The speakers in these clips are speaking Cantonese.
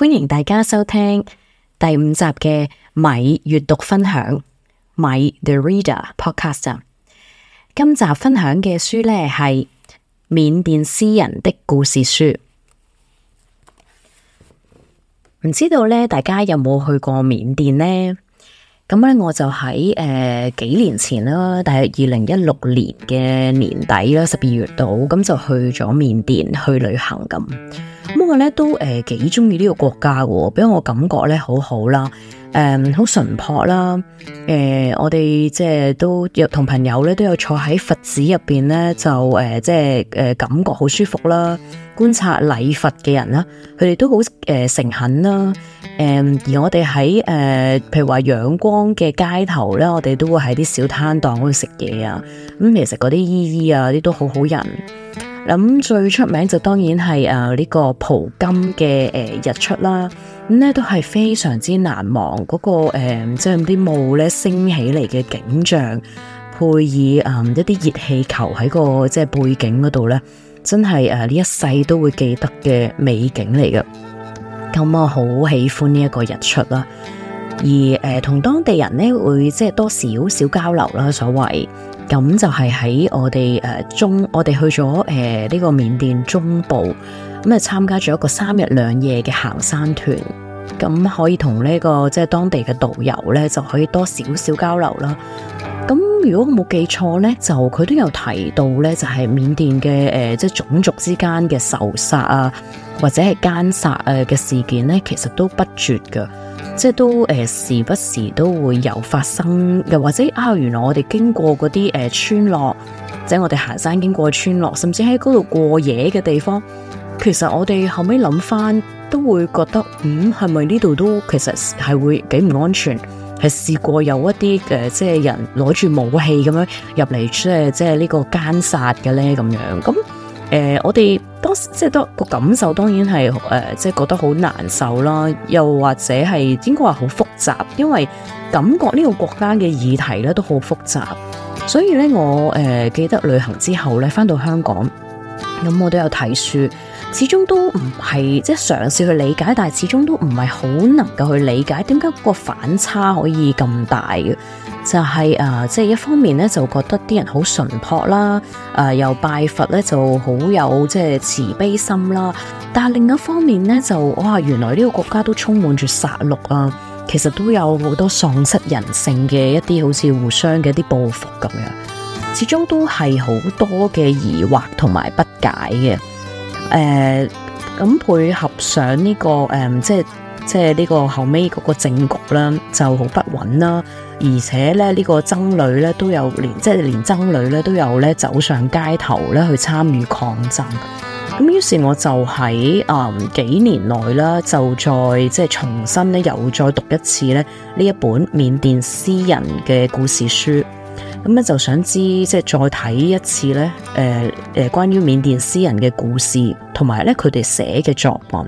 歡迎大家收聽第五集嘅米閱讀分享，Mic the Reader Podcast 啊。今集分享嘅書呢係緬甸詩人的故事書，唔知道呢大家有冇去過緬甸呢？咁咧我就喺誒、呃、幾年前啦，大約二零一六年嘅年底啦，十二月度咁、嗯、就去咗緬甸去旅行咁。咁、嗯、我咧都誒幾中意呢個國家嘅，俾我感覺咧好好啦，誒好淳樸啦，誒、呃、我哋即係都有同朋友咧都有坐喺佛寺入邊咧就誒、呃、即係誒、呃、感覺好舒服啦。呃觀察禮佛嘅人啦，佢哋都好誒誠懇啦，誒、嗯、而我哋喺誒，譬如話仰光嘅街頭咧，我哋都會喺啲小攤檔嗰度食嘢啊，咁其實嗰啲姨姨啊，啲都好好人。咁、嗯、最出名就當然係誒呢個蒲甘嘅誒、呃、日出啦，咁、嗯、咧都係非常之難忘嗰、那個誒，即係啲霧咧升起嚟嘅景象，配以誒、嗯、一啲熱氣球喺個即係背景嗰度咧。真係誒呢一世都會記得嘅美景嚟嘅，咁我好喜歡呢一個日出啦。而誒同、呃、當地人咧會即係多少少交流啦，所謂咁就係喺我哋誒、呃、中，我哋去咗誒呢個緬甸中部咁啊參加咗一個三日兩夜嘅行山團，咁可以同呢、這個即係當地嘅導遊咧就可以多少少交流啦。咁如果冇記錯咧，就佢都有提到咧，就係緬甸嘅誒，即係種族之間嘅仇殺啊，或者係奸殺誒嘅事件咧，其實都不絕噶，即係都誒、呃、時不時都會有發生，又或者啊，原來我哋經過嗰啲誒村落，即係我哋行山經過村落，甚至喺嗰度過夜嘅地方，其實我哋後尾諗翻都會覺得，嗯，係咪呢度都其實係會幾唔安全？係試過有一啲誒、呃呃呃呃呃，即係人攞住武器咁樣入嚟，即係即係呢個奸殺嘅咧咁樣。咁誒，我哋當時即係多個感受，當然係誒，即係覺得好難受啦。又或者係應該話好複雜，因為感覺呢個國家嘅議題咧都好複雜。所以咧，我誒、呃、記得旅行之後咧，返到香港咁、嗯，我都有睇書。始終都唔係即係嘗試去理解，但係始終都唔係好能夠去理解點解個反差可以咁大嘅，就係，誒，即係一方面咧就覺得啲人好淳樸啦，誒，又拜佛咧就好有即係慈悲心啦，但係另一方面咧就哇原來呢個國家都充滿住殺戮啊，其實都有好多喪失人性嘅一啲好似互相嘅一啲報復咁樣，始終都係好多嘅疑惑同埋不解嘅。誒，咁、呃、配合上呢、這個誒、呃，即係即係呢個後屘嗰個政局啦，就好不穩啦，而且咧呢、這個僧侶咧都有連，即係連僧侶咧都有咧走上街頭咧去參與抗爭。咁於是我就喺誒、呃、幾年內啦，就再即係重新咧又再讀一次咧呢一本緬甸詩人嘅故事書。咁就想知，即係再睇一次呢誒誒、呃，關於緬甸詩人嘅故事，同埋咧佢哋寫嘅作品。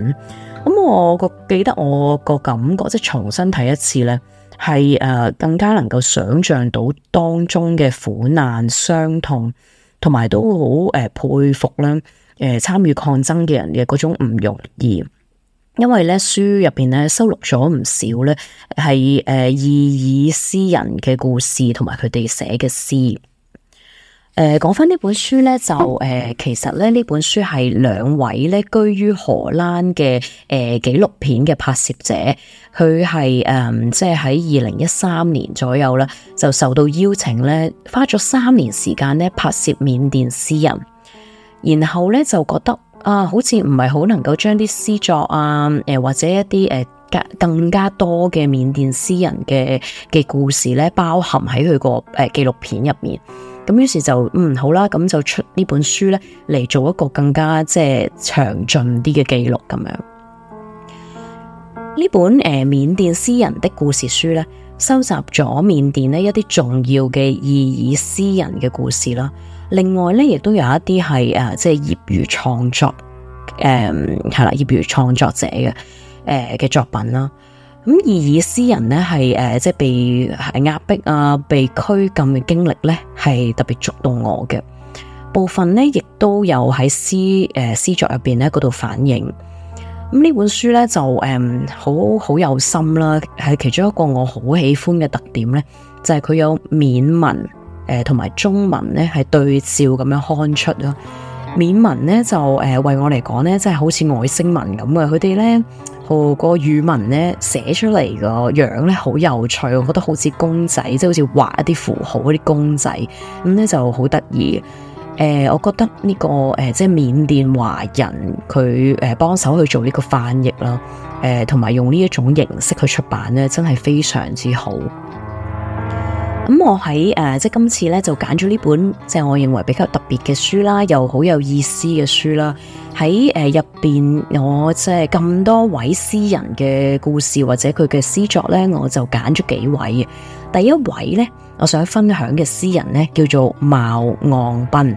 咁我個記得，我個感覺，即係重新睇一次咧，係誒、啊、更加能夠想象到當中嘅苦難、傷痛，同埋都好誒、呃、佩服咧，誒參與抗爭嘅人嘅嗰種唔容易。因為咧書入邊咧收錄咗唔少咧係誒異議詩人嘅故事，同埋佢哋寫嘅詩。誒、呃，講翻呢本書咧就誒、呃，其實咧呢本書係兩位咧居於荷蘭嘅誒紀錄片嘅拍攝者，佢係誒即係喺二零一三年左右啦，就受到邀請咧，花咗三年時間咧拍攝緬甸詩人，然後咧就覺得。啊，好似唔係好能夠將啲詩作啊，誒、呃、或者一啲誒、呃、更加多嘅緬甸詩人嘅嘅故事咧，包含喺佢個誒紀錄片入面。咁於是就嗯好啦，咁就出呢本書咧嚟做一個更加即係詳盡啲嘅記錄咁樣。呢本誒緬、呃、甸詩人的故事書咧，收集咗緬甸呢一啲重要嘅異議詩人嘅故事啦。另外咧，亦都有一啲係誒，即係業餘創作，誒、嗯、係啦，業餘創作者嘅誒嘅作品啦。咁而以詩人咧，係誒、啊、即係被係壓迫啊，被拘禁嘅經歷咧，係特別觸動我嘅部分咧，亦都有喺詩誒詩作入邊咧嗰度反映。咁、嗯、呢本書咧就誒好好有心啦，係其中一個我好喜歡嘅特點咧，就係、是、佢有緬文。誒，同埋中文咧係對照咁樣看出咯、啊，緬文咧就誒、呃、為我嚟講咧，真係好似外星文咁嘅，佢哋咧個個語文咧寫出嚟個樣咧好有趣，我覺得好似公仔，即係好似畫一啲符號嗰啲公仔，咁、嗯、咧就好得意。誒、呃，我覺得呢、這個誒、呃、即係緬甸華人佢誒幫手去做呢個翻譯啦，誒同埋用呢一種形式去出版咧，真係非常之好。咁、嗯、我喺誒、呃，即係今次咧就揀咗呢本，即係我認為比較特別嘅書啦，又好有意思嘅書啦。喺誒入邊，我即係咁多位詩人嘅故事或者佢嘅詩作咧，我就揀咗幾位。第一位咧，我想分享嘅詩人咧叫做茅岸賓。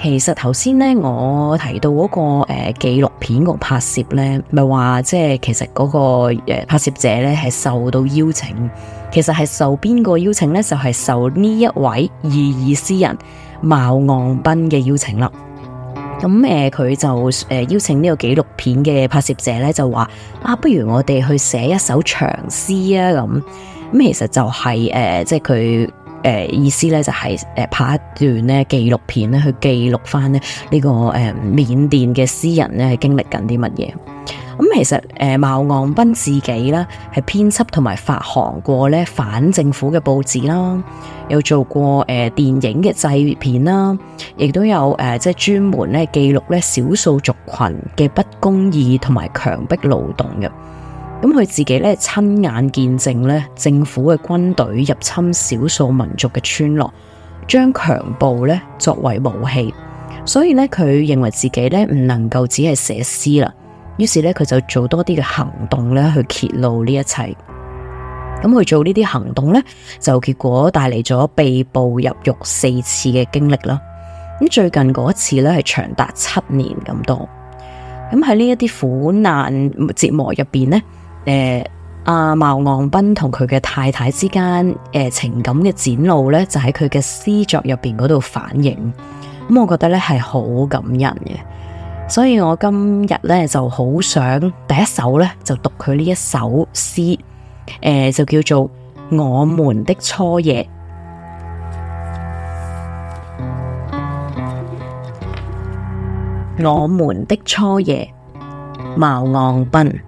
其實頭先咧，我提到嗰、那個誒紀錄片個拍攝咧，咪、就、話、是、即係其實嗰、那個誒、呃、拍攝者咧係受到邀請。其實係受邊個邀請呢？就係、是、受呢一位異議詩人毛昂斌嘅邀請啦。咁、嗯、誒，佢、呃、就誒、呃、邀請呢個紀錄片嘅拍攝者呢，就話啊，不如我哋去寫一首長詩啊咁。咁、嗯、其實就係、是、誒、呃，即係佢誒意思呢，就係、是、誒拍一段呢紀錄片呢，去記錄翻呢呢個誒緬、呃、甸嘅詩人呢係經歷緊啲乜嘢。咁其實誒，茅岸斌自己啦，係編輯同埋發行過咧，反政府嘅報紙啦，有做過誒、呃、電影嘅製片啦，亦都有誒即係專門咧記錄咧少數族群嘅不公義同埋強迫勞動嘅。咁、嗯、佢自己咧親眼見證咧政府嘅軍隊入侵少數民族嘅村落，將強暴咧作為武器，所以咧佢認為自己咧唔能夠只係寫詩啦。於是咧，佢就做多啲嘅行動咧，去揭露呢一切。咁佢做呢啲行動咧，就結果帶嚟咗被捕入獄四次嘅經歷啦。咁最近嗰一次咧，係長達七年咁多。咁喺呢一啲苦難折磨入邊咧，誒、啊，阿茂昂斌同佢嘅太太之間誒、啊、情感嘅展露咧，就喺佢嘅詩作入邊嗰度反映。咁我覺得咧係好感人嘅。所以我今日咧就好想第一首咧就讀佢呢一首詩，誒就叫做我們的初夜。我們的初夜，茅岸斌，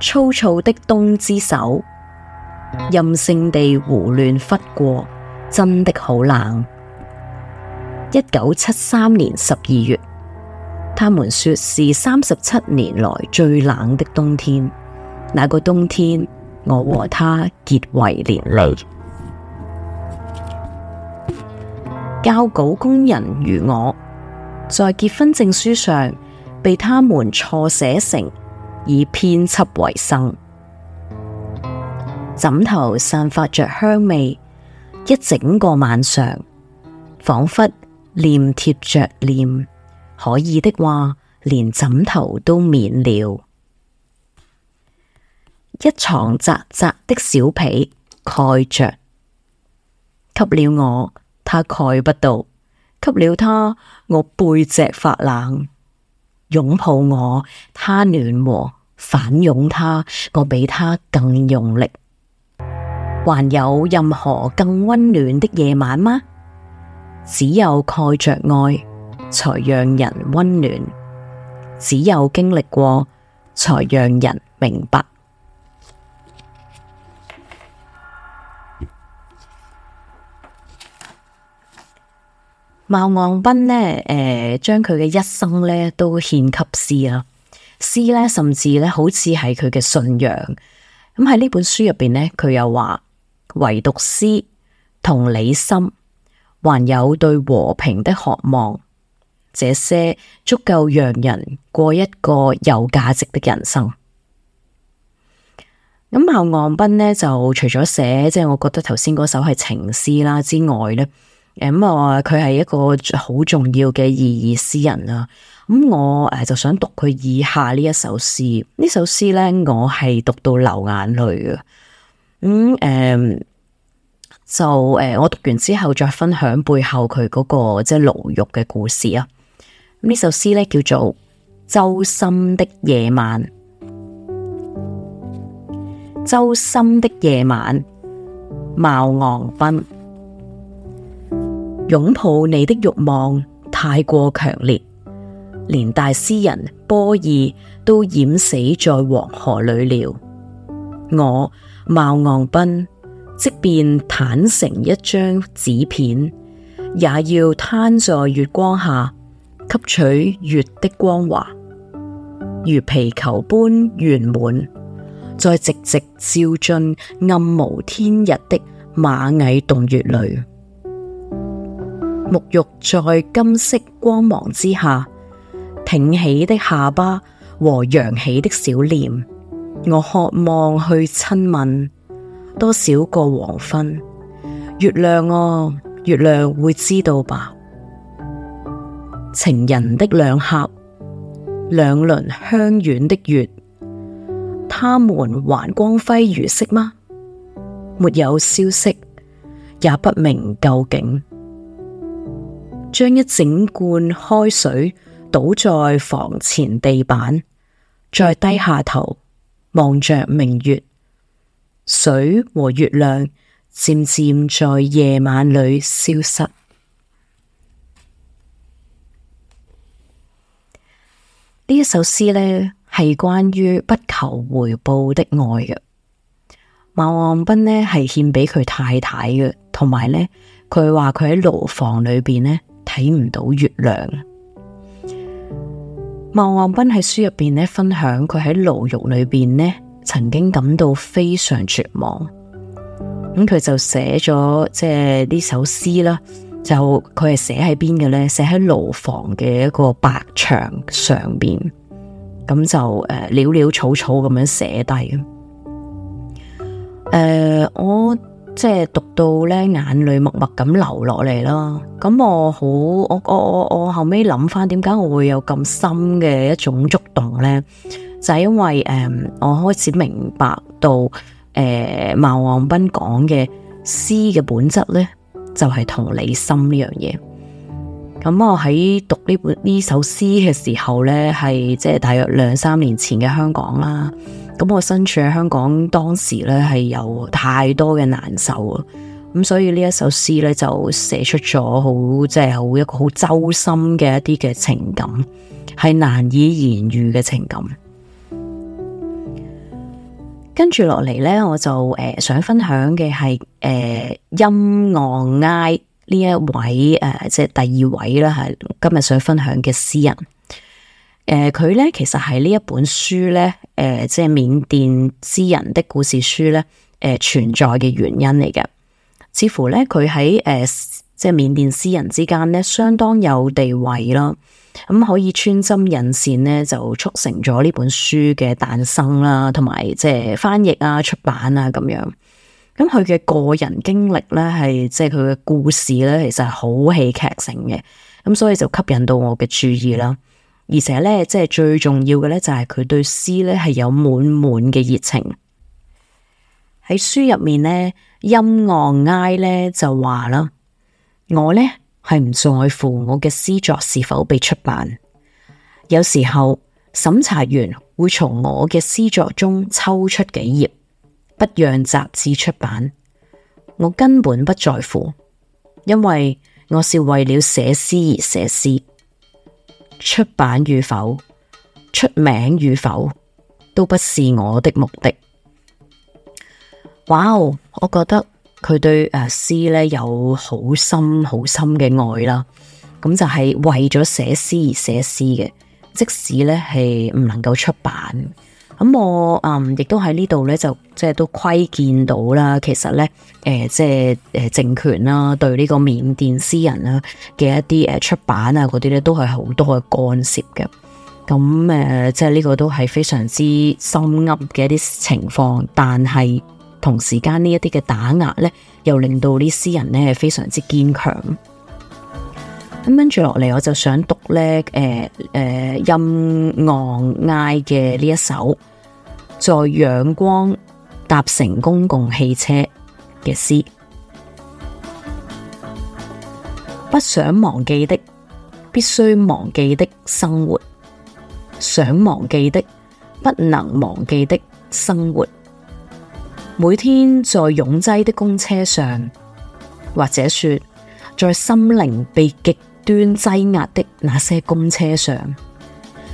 粗糙的冬之手，任性地胡亂拂過，真的好冷。一九七三年十二月，他們說是三十七年來最冷的冬天。那個冬天，我和他結為連理。交 稿工人如我，在結婚證書上被他們錯寫成以編輯為生。枕頭散發着香味，一整個晚上，仿佛。臉貼着臉，可以的話，連枕頭都免了。一床窄窄的小被蓋着，給了我，他蓋不到；給了他，我背脊發冷。擁抱我，他暖和；反擁他，我比他更用力。還有任何更溫暖的夜晚嗎？只有蓋着愛，才讓人溫暖；只有經歷過，才讓人明白。茂昂、嗯、斌咧，誒、呃，將佢嘅一生咧都獻給詩啦，詩咧甚至咧好似係佢嘅信仰。咁喺呢本書入邊咧，佢又話：唯獨詩同理心。還有對和平的渴望，這些足夠讓人過一個有價值的人生。咁、嗯、後岸斌呢，就除咗寫，即係我覺得頭先嗰首係情詩啦之外呢，誒咁啊，佢、呃、係一個好重要嘅異議詩人啊。咁、嗯、我誒就想讀佢以下呢一首詩，呢首詩呢，我係讀到流眼淚嘅。咁、嗯、誒。嗯就誒、呃，我讀完之後再分享背後佢嗰、那個即係牢獄嘅故事啊！呢首詩咧叫做《周深的夜晚》，周深的夜晚，茂昂斌，擁抱你的欲望太過強烈，連大詩人波爾都淹死在黃河裏了。我茂昂斌。即便坦成一張紙片，也要攤在月光下，吸取月的光華，如皮球般圓滿，再直直照進暗無天日的螞蟻洞穴裏，沐浴在金色光芒之下，挺起的下巴和揚起的小臉，我渴望去親吻。多少個黃昏，月亮啊、哦，月亮會知道吧？情人的兩合，兩輪香遠的月，他們還光輝如昔嗎？沒有消息，也不明究竟。將一整罐開水倒在房前地板，再低下頭望着明月。水和月亮漸漸在夜晚裏消失。呢一首詩呢，係關於不求回報的愛嘅。毛岸斌呢，係獻畀佢太太嘅，同埋呢，佢話佢喺牢房裏邊呢睇唔到月亮。毛岸斌喺書入邊呢分享佢喺牢獄裏邊呢。曾經感到非常絕望，咁、嗯、佢就寫咗即係呢首詩啦。就佢係寫喺邊嘅咧，寫喺牢房嘅一個白牆上邊。咁、嗯、就誒，潦潦草草咁樣寫低。誒、呃，我即係讀到咧，眼淚默默咁流落嚟啦。咁、嗯、我好，我我我我後尾諗翻，點解我會有咁深嘅一種觸動咧？就係因為誒，uh, 我開始明白到誒，毛、uh, 王斌講嘅詩嘅本質咧，就係、是、同理心呢樣嘢。咁我喺讀呢本呢首詩嘅時候咧，係即係大約兩三年前嘅香港啦。咁我身處喺香港，當時咧係有太多嘅難受。咁所以呢一首詩咧就寫出咗好即係好一個好揪心嘅一啲嘅情感，係難以言喻嘅情感。跟住落嚟咧，我就誒、呃、想分享嘅係誒音昂埃呢一位誒、呃、即係第二位啦，係今日想分享嘅詩人。誒、呃，佢咧其實係呢一本書咧，誒、呃、即係緬甸詩人的故事書咧，誒、呃、存在嘅原因嚟嘅。似乎咧佢喺誒即係緬甸詩人之間咧相當有地位咯。咁可以穿針引線咧，就促成咗呢本書嘅誕生啦，同埋即係翻譯啊、出版啊咁樣。咁佢嘅個人經歷咧，係即係佢嘅故事咧，其實係好戲劇性嘅。咁所以就吸引到我嘅注意啦。而且咧，即係最重要嘅咧，就係佢對詩咧係有滿滿嘅熱情。喺書入面咧，音樂哀咧就話啦，我咧。係唔在乎我嘅詩作是否被出版。有時候審查員會從我嘅詩作中抽出幾頁，不讓雜誌出版。我根本不在乎，因為我是為了寫詩而寫詩。出版與否、出名與否，都不是我的目的。哇哦，我覺得。佢對誒詩咧有好深好深嘅愛啦，咁、嗯、就係、是、為咗寫詩而寫詩嘅，即使咧係唔能夠出版，咁、嗯、我嗯亦都喺呢度咧就即係都窺見到啦。其實咧誒、呃、即係誒政權啦，對呢個緬甸詩人啦嘅一啲誒出版啊嗰啲咧都係好多嘅干涉嘅，咁、嗯、誒即係呢個都係非常之心噏嘅一啲情況，但係。同時間呢一啲嘅打壓呢，又令到啲詩人呢係非常之堅強。咁跟住落嚟，我就想讀呢《誒、呃、誒，欽、呃、昂艾嘅呢一首在仰光搭乘公共汽車嘅詩。詩 不想忘記的，必須忘記的生活；想忘記的，不能忘記的生活。每天在擁擠的公車上，或者說在心靈被極端擠壓的那些公車上，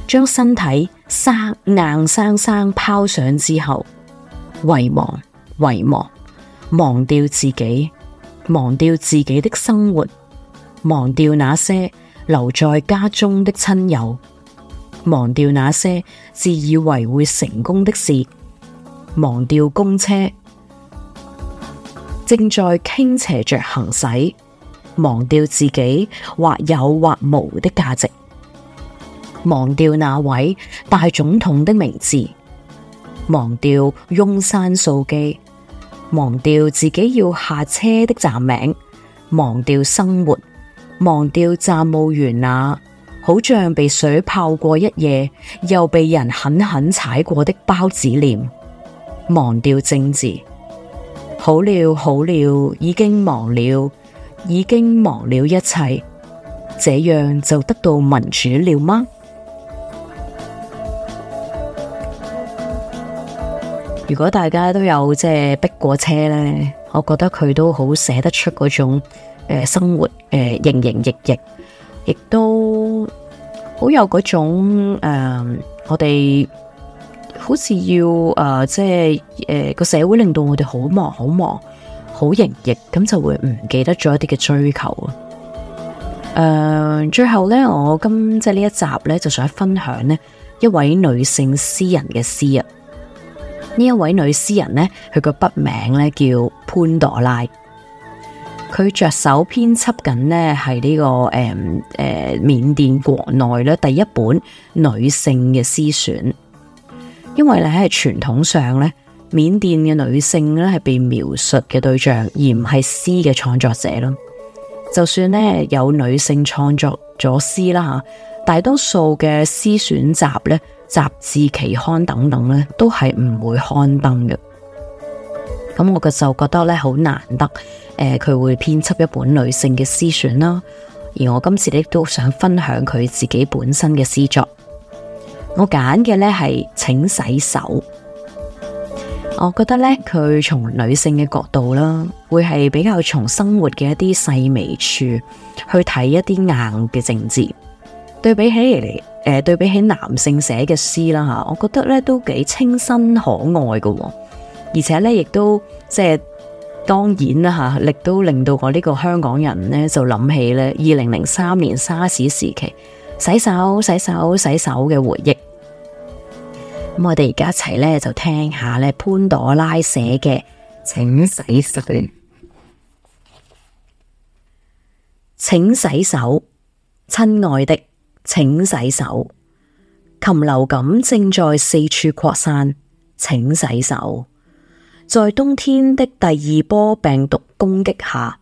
將身體生硬生生拋上之後，遺忘、遺忘，忘掉自己，忘掉自己的生活，忘掉那些留在家中的親友，忘掉那些自以為會成功的事。忘掉公車正在傾斜着行駛，忘掉自己或有或無的價值，忘掉那位大總統的名字，忘掉昂山素姬，忘掉自己要下車的站名，忘掉生活，忘掉站務員那、啊、好像被水泡過一夜又被人狠狠踩過的包子臉。忘掉政治，好了好了，已經忘了，已經忘了一切，這樣就得到民主了嗎？ 如果大家都有即係逼過車呢，我覺得佢都好寫得出嗰種誒、呃、生活誒、呃、營營役役，亦都好有嗰種誒、呃、我哋。好似要誒、呃，即係誒個社會令到我哋好忙，好忙，好營役，咁就會唔記得咗一啲嘅追求啊！誒、呃，最後咧，我今即係呢一集咧，就想分享咧一位女性詩人嘅詩啊。呢一位女詩人呢，佢個筆名咧叫潘朵拉，佢着手編輯緊呢係呢、這個誒誒緬甸國內咧第一本女性嘅詩選。因為咧喺傳統上咧，緬甸嘅女性咧係被描述嘅對象，而唔係詩嘅創作者咯。就算咧有女性創作咗詩啦吓，大多數嘅詩選集咧，雜誌、期刊等等咧，都係唔會刊登嘅。咁我就覺得咧好難得，誒、呃、佢會編輯一本女性嘅詩選啦。而我今次咧亦都想分享佢自己本身嘅詩作。我揀嘅呢係請洗手，我覺得呢，佢從女性嘅角度啦，會係比較從生活嘅一啲細微處去睇一啲硬嘅政治。對比起嚟，誒、呃、對比起男性寫嘅詩啦吓，我覺得呢都幾清新可愛嘅，而且呢，亦都即係、就是、當然啦吓，亦都令到我呢個香港人呢就諗起呢二零零三年沙士時期洗手、洗手、洗手嘅回憶。咁我哋而家一齊咧，就聽下咧潘朵拉寫嘅，請洗手。請洗手，親愛的，請洗手。禽流感正在四處擴散，請洗手。在冬天的第二波病毒攻擊下，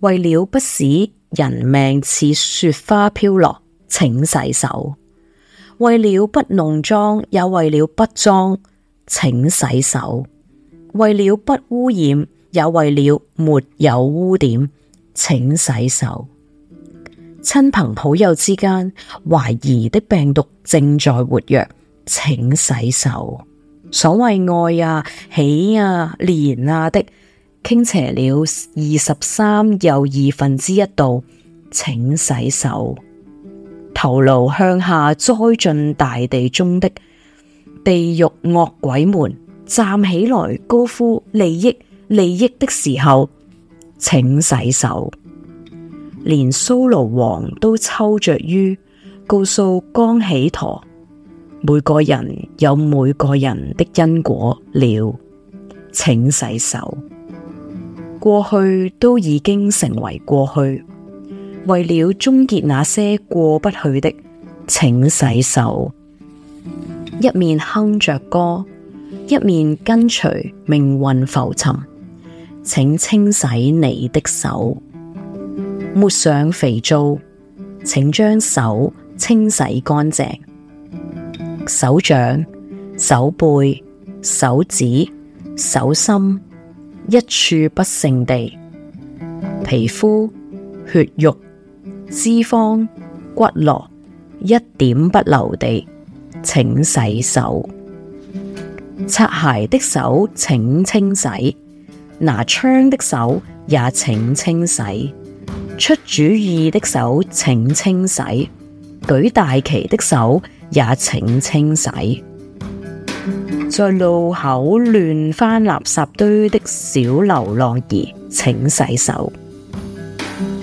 為了不使人命似雪花飄落，請洗手。為了不弄髒，也為了不髒，請洗手；為了不污染，也為了沒有污點，請洗手。親朋好友之間懷疑的病毒正在活躍，請洗手。所謂愛啊、喜啊、憐啊的傾斜了二十三又二分之一度，請洗手。頭顱向下栽進大地中的地獄惡鬼們，站起來高呼利益利益的時候，請洗手。連蘇盧王都抽着煙，告訴江喜陀：每個人有每個人的因果了，請洗手。過去都已經成為過去。為了終結那些過不去的，請洗手，一面哼着歌，一面跟隨命運浮沉。請清洗你的手，抹上肥皂，請將手清洗乾淨，手掌、手背、手指、手心，一處不剩地皮膚、血肉。脂肪、骨骼一點不留地，請洗手。擦鞋的手請清洗，拿槍的手也請清洗。出主意的手請清洗，舉大旗的手也請清洗。在路口亂翻垃圾堆的小流浪兒，請洗手。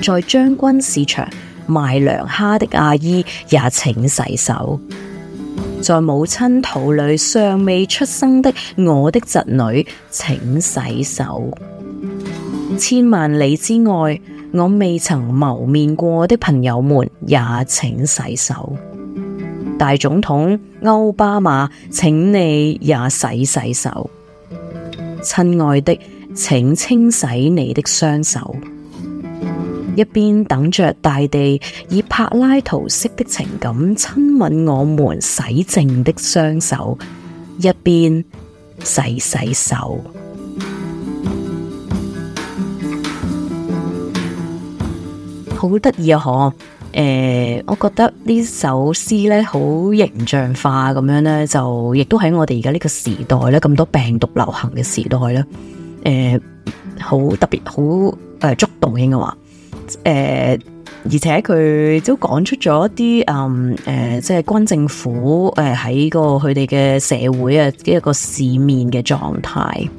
在將軍市場賣涼蝦的阿姨也請洗手。在母親肚裏尚未出生的我的侄女，請洗手。千萬里之外我未曾謀面過的朋友們也請洗手。大總統歐巴馬，請你也洗洗手。親愛的，請清洗你的雙手。一邊等着大地以柏拉圖式的情感親吻我們洗淨的雙手，一邊洗洗手， 好得意啊！嗬，誒、欸，我覺得呢首詩咧好形象化咁樣咧，就亦都喺我哋而家呢個時代咧，咁多病毒流行嘅時代咧，誒、欸，好特別，好誒、呃，觸動應該話。誒、呃，而且佢都講出咗一啲誒、嗯呃，即係軍政府誒喺個佢哋嘅社會啊，一個市面嘅狀態。誒、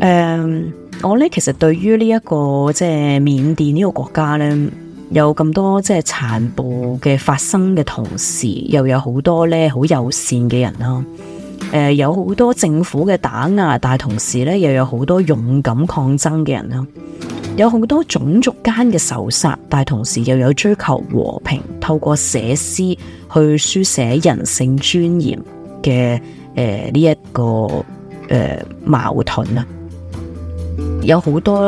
呃，我呢其實對於呢一個即係緬甸呢個國家呢，有咁多即係殘暴嘅發生嘅同時，又有好多呢好友善嘅人啦、啊。誒、呃，有好多政府嘅打壓，但係同時呢又有好多勇敢抗爭嘅人啦、啊。有好多種族間嘅仇殺，但係同時又有追求和平，透過寫詩去書寫人性尊嚴嘅誒呢一個誒矛盾啊，有好多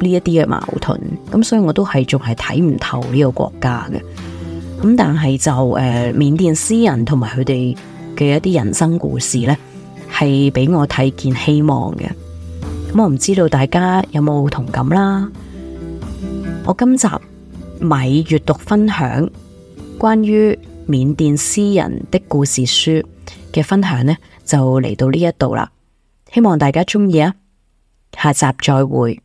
呢一啲嘅矛盾，咁所以我都係仲係睇唔透呢個國家嘅，咁但係就誒緬甸詩人同埋佢哋嘅一啲人生故事咧，係俾我睇見希望嘅。我唔知道大家有冇同感啦。我今集米悅讀分享關於緬甸詩人的故事書嘅分享呢，就嚟到呢一度啦。希望大家中意啊！下集再會。